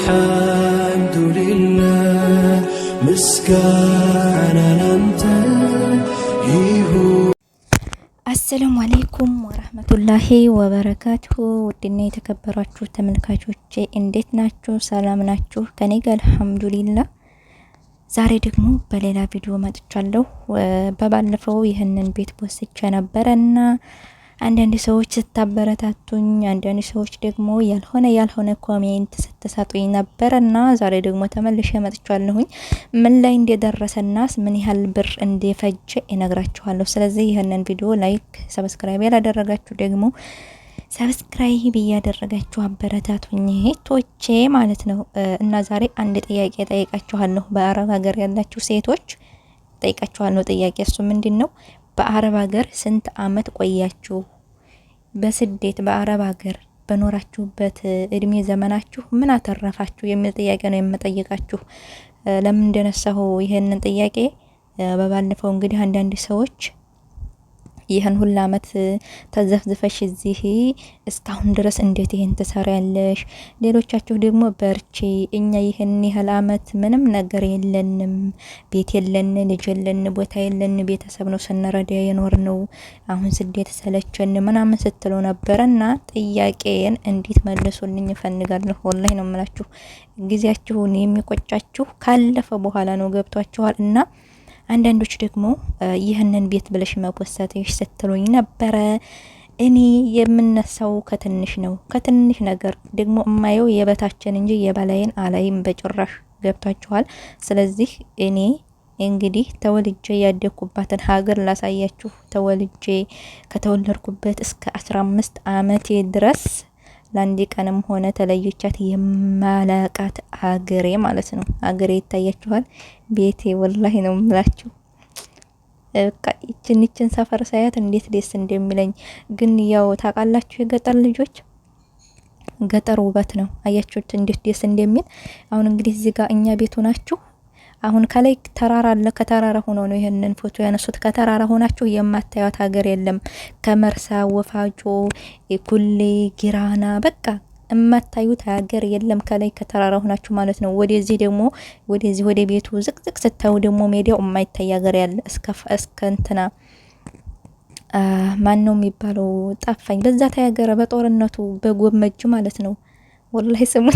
አልሐምዱሊላህ ምስጋና ላንተ ይሁን። አሰላሙ አሌይኩም ወረህመቱላሂ ወበረካቱሁ። ውድና የተከበራችሁ ተመልካቾቼ እንዴት ናችሁ? ሰላም ናችሁ? ከኔ ጋር አልሐምዱሊላህ። ዛሬ ደግሞ በሌላ ቪዲዮ መጥቻለሁ። በባለፈው ይህንን ቤት ወስቼ እና። አንዳንድ ሰዎች ስታበረታቱኝ፣ አንዳንድ ሰዎች ደግሞ ያልሆነ ያልሆነ ኮሜንት ስትሰጡኝ ነበረና ዛሬ ደግሞ ተመልሼ መጥቻለሁኝ። ምን ላይ እንደደረሰናስ ምን ያህል ብር እንደፈጀ እነግራችኋለሁ። ስለዚህ ይህንን ቪዲዮ ላይክ፣ ሰብስክራይብ ያላደረጋችሁ ደግሞ ሰብስክራይብ እያደረጋችሁ አበረታቱኝ እህቶቼ ማለት ነው። እና ዛሬ አንድ ጥያቄ ጠይቃችኋለሁ። በአረብ ሀገር ያላችሁ ሴቶች ጠይቃችኋለሁ ጥያቄ። እሱ ምንድን ነው? በአረብ ሀገር ስንት አመት ቆያችሁ? በስደት በአረብ ሀገር በኖራችሁበት እድሜ ዘመናችሁ ምን አተረፋችሁ የሚል ጥያቄ ነው የምጠይቃችሁ። ለምን እንደነሳሁ ይህንን ጥያቄ በባለፈው እንግዲህ አንዳንድ ሰዎች ይህን ሁላ አመት ተዘፍዝፈሽ እዚህ እስካሁን ድረስ እንዴት ይህን ትሰሪያለሽ? ሌሎቻችሁ ደግሞ በርቺ፣ እኛ ይህን ያህል አመት ምንም ነገር የለንም፣ ቤት የለን፣ ልጅ የለን፣ ቦታ የለን፣ ቤተሰብ ነው ስንረዳ የኖር ነው። አሁን ስደት ሰለችን ምናምን ስትሉ እና ጥያቄን እንዴት መልሱልኝ እፈልጋለሁ። ወላሂ ነው የምላችሁ ጊዜያችሁን የሚቆጫችሁ ካለፈ በኋላ ነው። ገብቷችኋል እና አንዳንዶች ደግሞ ይህንን ቤት ብለሽ መወሰትሽ ስትሉኝ ነበረ። እኔ የምነሳው ከትንሽ ነው። ከትንሽ ነገር ደግሞ እማየው የበታችን እንጂ የበላይን አላይም በጭራሽ። ገብታችኋል? ስለዚህ እኔ እንግዲህ ተወልጄ ያደግኩባትን ሀገር ላሳያችሁ። ተወልጄ ከተወለድኩበት እስከ አስራ አምስት አመቴ ድረስ ለአንድ ቀንም ሆነ ተለይቻት የማላቃት አገሬ ማለት ነው። አገሬ ይታያችኋል። ቤቴ ወላሂ ነው ምላችሁ። በቃ ይችን ይችን ሰፈር ሳያት እንዴት ደስ እንደሚለኝ ግን ያው ታውቃላችሁ፣ የገጠር ልጆች ገጠር ውበት ነው። አያችሁት እንዴት ደስ እንደሚል። አሁን እንግዲህ እዚህ ጋር እኛ ቤቱ ናችሁ አሁን ከላይ ተራራ አለ። ከተራራ ሆኖ ነው ይህንን ፎቶ ያነሱት። ከተራራ ሆናችሁ የማታዩት ሀገር የለም። ከመርሳ ወፋጮ፣ ኩሌ፣ ጊራና በቃ የማታዩት ሀገር የለም። ከላይ ከተራራ ሆናችሁ ማለት ነው። ወደዚህ ደግሞ ወደዚህ ወደ ቤቱ ዝቅዝቅ ስታዩ ደግሞ ሜዲያው የማይታይ ሀገር ያለ እስከ እንትና ማን ነው የሚባለው ጣፋኝ በዛ ተያገረ በጦርነቱ በጎመጁ ማለት ነው። ወላሂ ስሙ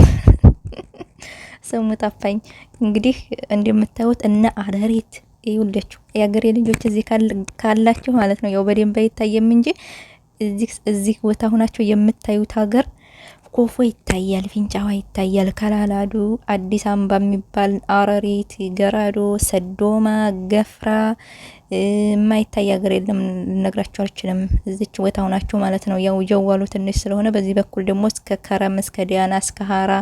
ስሙ ጠፋኝ። እንግዲህ እንደምታዩት እነ አረሬት ይውለችሁ የአገሬ ልጆች እዚህ ካላችሁ ማለት ነው ያው በደንብ አይታየም እንጂ እዚህ እዚህ ቦታ ሆናችሁ የምታዩት ሀገር ኮፎ ይታያል፣ ፊንጫዋ ይታያል፣ ከላላዱ፣ አዲስ አበባ የሚባል አረሪት፣ ገራዶ፣ ሰዶማ፣ ገፍራ የማይታይ ሀገር የለም ልነግራቸው አልችልም። እዚች ቦታ ሆናችሁ ማለት ነው። ያው ጀዋሉ ትንሽ ስለሆነ በዚህ በኩል ደግሞ እስከ ከረም እስከ ዲያና እስከ ሀራ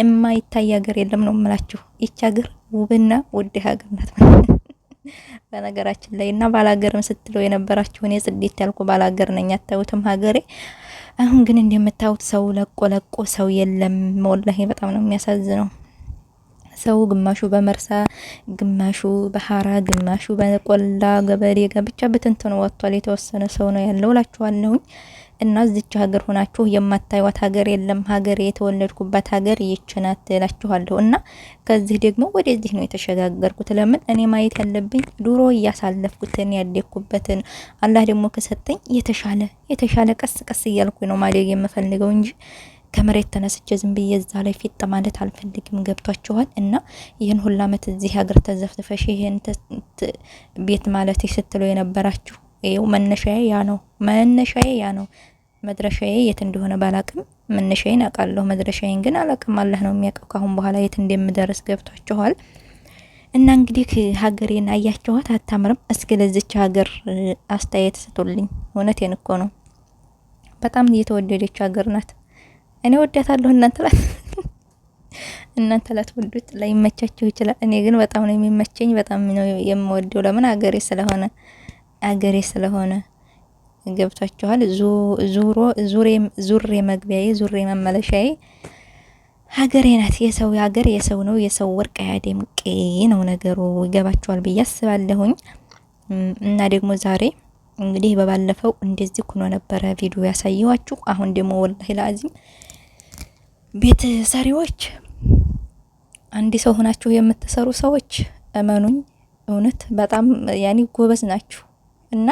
የማይታይ ሀገር የለም ነው የምላችሁ። ይች ሀገር ውብና ውድ ሀገር ናት በነገራችን ላይ እና ባላገርም ስትለው የነበራችሁ እኔ ጽዴት ያልኩ ባላገር ነኝ፣ አታዩትም ሀገሬ። አሁን ግን እንደምታዩት ሰው ለቆ ለቆ ሰው የለም። ወላሂ በጣም ነው የሚያሳዝነው። ሰው ግማሹ በመርሳ ግማሹ በሀራ ግማሹ በቆላ ገበሬ ጋር ብቻ በትንትኑ ወጥቷል። የተወሰነ ሰው ነው ያለው እላችኋለሁኝ። እና እዚች ሀገር ሆናችሁ የማታዩት ሀገር የለም። ሀገር የተወለድኩባት ሀገር ይችናት እላችኋለሁ። እና ከዚህ ደግሞ ወደዚህ ነው የተሸጋገርኩት። ለምን እኔ ማየት ያለብኝ ድሮ እያሳለፍኩትን ያደግኩበትን፣ አላህ ደግሞ ከሰጠኝ የተሻለ የተሻለ ቀስ ቀስ እያልኩ ነው ማደግ የምፈልገው እንጂ ከመሬት ተነስቼ ዝም ብዬ እዛ ላይ ፊጥ ማለት አልፈልግም። ገብቷችኋል? እና ይህን ሁሉ አመት እዚህ ሀገር ተዘፍዝፈሽ ይህን ቤት ማለት ስትሉ የነበራችሁ ይኸው መነሻዬ ያ ነው። መነሻዬ ያ ነው። መድረሻዬ የት እንደሆነ ባላቅም መነሻዬን አውቃለሁ። መድረሻዬን ግን አላቅም። አላህ ነው የሚያውቀው ካሁን በኋላ የት እንደምደርስ። ገብቷችኋል? እና እንግዲህ ሀገሬን አያችኋት፣ አታምርም? እስኪ ለዚች ሀገር አስተያየት ስጡልኝ። እውነቴን እኮ ነው። በጣም የተወደደች ሀገር ናት። እኔ ወዳታለሁ እናንተ ላት እናንተ ላት ወዱት ላይ መቻችሁ ይችላል። እኔ ግን በጣም ነው የሚመቸኝ፣ በጣም ነው የምወደው። ለምን አገሬ ስለሆነ አገሬ ስለሆነ ገብቷችኋል። ዙሮ ዙሬ ዙሬ መግቢያዬ ዙሬ መመለሻዬ ሀገሬ ናት። የሰው ሀገር የሰው ነው። የሰው ወርቅ አያደምቅ ነው ነገሩ። ይገባችኋል ብዬ አስባለሁኝ እና ደግሞ ዛሬ እንግዲህ በባለፈው እንደዚህ ሆኖ ነበረ ቪዲዮ ያሳየዋችሁ። አሁን ደግሞ ወላሂ ለአዚም ቤት ሰሪዎች፣ አንድ ሰው ሆናችሁ የምትሰሩ ሰዎች እመኑኝ፣ እውነት በጣም ያኔ ጎበዝ ናችሁ እና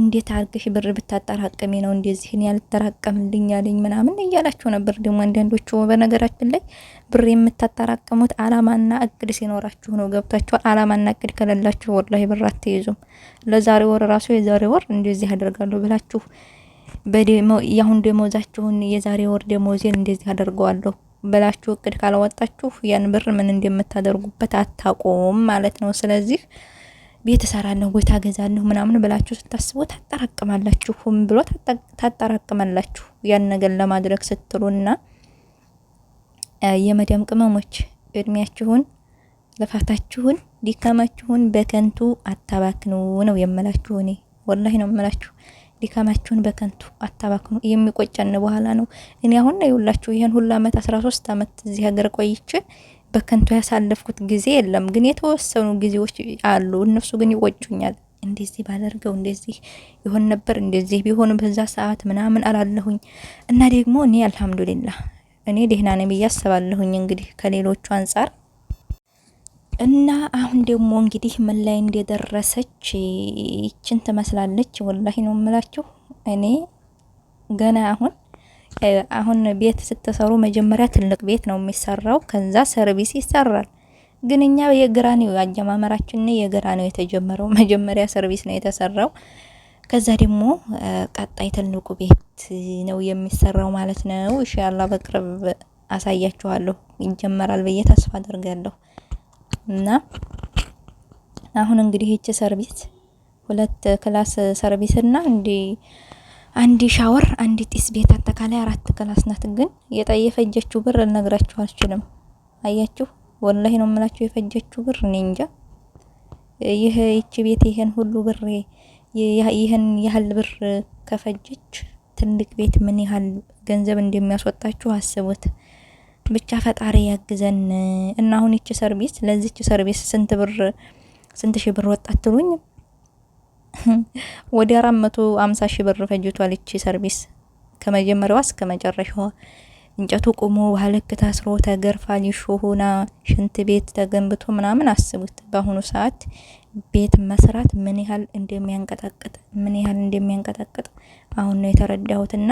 እንዴት አርገሽ ብር ብታጠራቅሚ ነው እንደዚህን ያልተራቀምልኝ ያለኝ ምናምን እያላችሁ ነበር። ደግሞ አንዳንዶቹ በነገራችን ላይ ብር የምታጠራቅሙት አላማና እቅድ ሲኖራችሁ ነው። ገብታችኋል? አላማና እቅድ ከሌላችሁ ወላሂ ብር አትይዙም። ለዛሬ ወር ራሱ የዛሬ ወር እንደዚህ አደርጋለሁ ብላችሁ የአሁን ደሞዛችሁን የዛሬ ወር ደሞዜን እንደዚህ አደርገዋለሁ ብላችሁ እቅድ ካላወጣችሁ ያን ብር ምን እንደምታደርጉበት አታቆም ማለት ነው። ስለዚህ ቤት እሰራለሁ ወይ ታገዛለሁ ምናምን ብላችሁ ስታስቡ ታጠራቅማላችሁም ብሎ ታጠራቅማላችሁ ያን ነገር ለማድረግ ስትሉና የመዲያም ቅመሞች እድሜያችሁን ልፋታችሁን ዲካማችሁን በከንቱ አታባክኑ ነው የምላችሁ። እኔ ወላሂ ነው የምላችሁ። ዲካማችሁን በከንቱ አታባክኑ። የሚቆጨን በኋላ ነው። እኔ አሁን ነው ይኸውላችሁ ይሄን ሁሉ አመት አስራ ሶስት አመት እዚህ ሀገር ቆይቼ በከንቱ ያሳለፍኩት ጊዜ የለም፣ ግን የተወሰኑ ጊዜዎች አሉ። እነሱ ግን ይቆጩኛል። እንደዚህ ባደርገው እንደዚህ ይሆን ነበር፣ እንደዚህ ቢሆን በዛ ሰዓት ምናምን አላለሁኝ እና ደግሞ እኔ አልሐምዱሊላህ እኔ ደህና ነኝ ብዬ አስባለሁኝ። እንግዲህ ከሌሎቹ አንጻር እና አሁን ደግሞ እንግዲህ ምን ላይ እንደደረሰች ይችን ትመስላለች። ወላሂ ነው የምላችሁ እኔ ገና አሁን አሁን ቤት ስትሰሩ መጀመሪያ ትልቅ ቤት ነው የሚሰራው፣ ከዛ ሰርቪስ ይሰራል። ግን እኛ የግራኔው አጀማመራችን የግራኔው የተጀመረው መጀመሪያ ሰርቪስ ነው የተሰራው፣ ከዛ ደግሞ ቀጣይ ትልቁ ቤት ነው የሚሰራው ማለት ነው። ኢንሻአላ በቅርብ አሳያችኋለሁ፣ ይጀመራል ብዬ ተስፋ አድርጋለሁ። እና አሁን እንግዲህ ይቺ ሰርቪስ ሁለት ክላስ ሰርቪስ እና እንዲ አንድ ሻወር አንድ ጢስ ቤት አጠቃላይ አራት ክላስ ናት። ግን የጣ የፈጀችው ብር ልነግራችሁ አልችልም። አያችሁ፣ ወላሂ ነው የምላችሁ። የፈጀችው ብር እኔ እንጃ። ይህ ይቺ ቤት ይሄን ሁሉ ብር ይህን ያህል ብር ከፈጀች ትልቅ ቤት ምን ያህል ገንዘብ እንደሚያስወጣችሁ አስቡት። ብቻ ፈጣሪ ያግዘን እና አሁን ይቺ ሰርቪስ ለዚች ሰርቪስ ስንት ብር ስንት ሺህ ብር ወጣት አትሉኝም? ወደ አራት መቶ አምሳ ሺህ ብር ፈጅቷል። ይቺ ሰርቪስ ከመጀመሪያዋ እስከ መጨረሻዋ እንጨቱ ቆሞ ልክ ታስሮ ተገርፋ ሊሾ ሆና ሽንት ቤት ተገንብቶ ምናምን አስቡት። በአሁኑ ሰዓት ቤት መስራት ምን ያህል እንደሚያንቀጣቅጥ ምን ያህል እንደሚያንቀጣቅጥ አሁን ነው የተረዳሁትና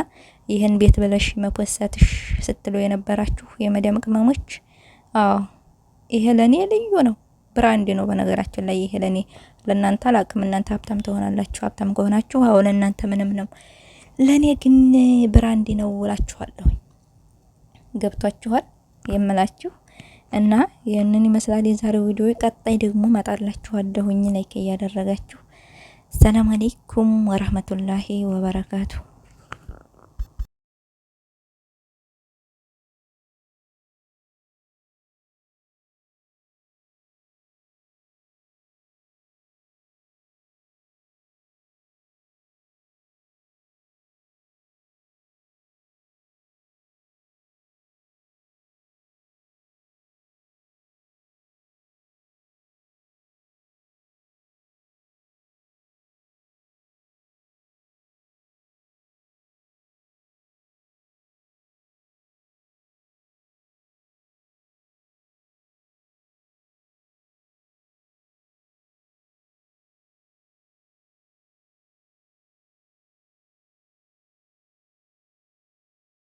ይህን ቤት ብለሽ መፖሰትሽ ስትለው የነበራችሁ የመዳም ቅመሞች፣ አዎ ይሄ ለእኔ ልዩ ነው። ብራንድ ነው። በነገራችን ላይ ይሄ ለእኔ ለእናንተ አላቅም። እናንተ ሀብታም ትሆናላችሁ። ሀብታም ከሆናችሁ አሁን ለእናንተ ምንም ነው፣ ለእኔ ግን ብራንድ ነው እላችኋለሁ። ገብቷችኋል የምላችሁ እና ይህንን ይመስላል የዛሬው ቪዲዮ። ቀጣይ ደግሞ መጣላችኋለሁኝ። ላይክ እያደረጋችሁ ሰላም አሌይኩም ወረህመቱላሂ ወበረካቱ።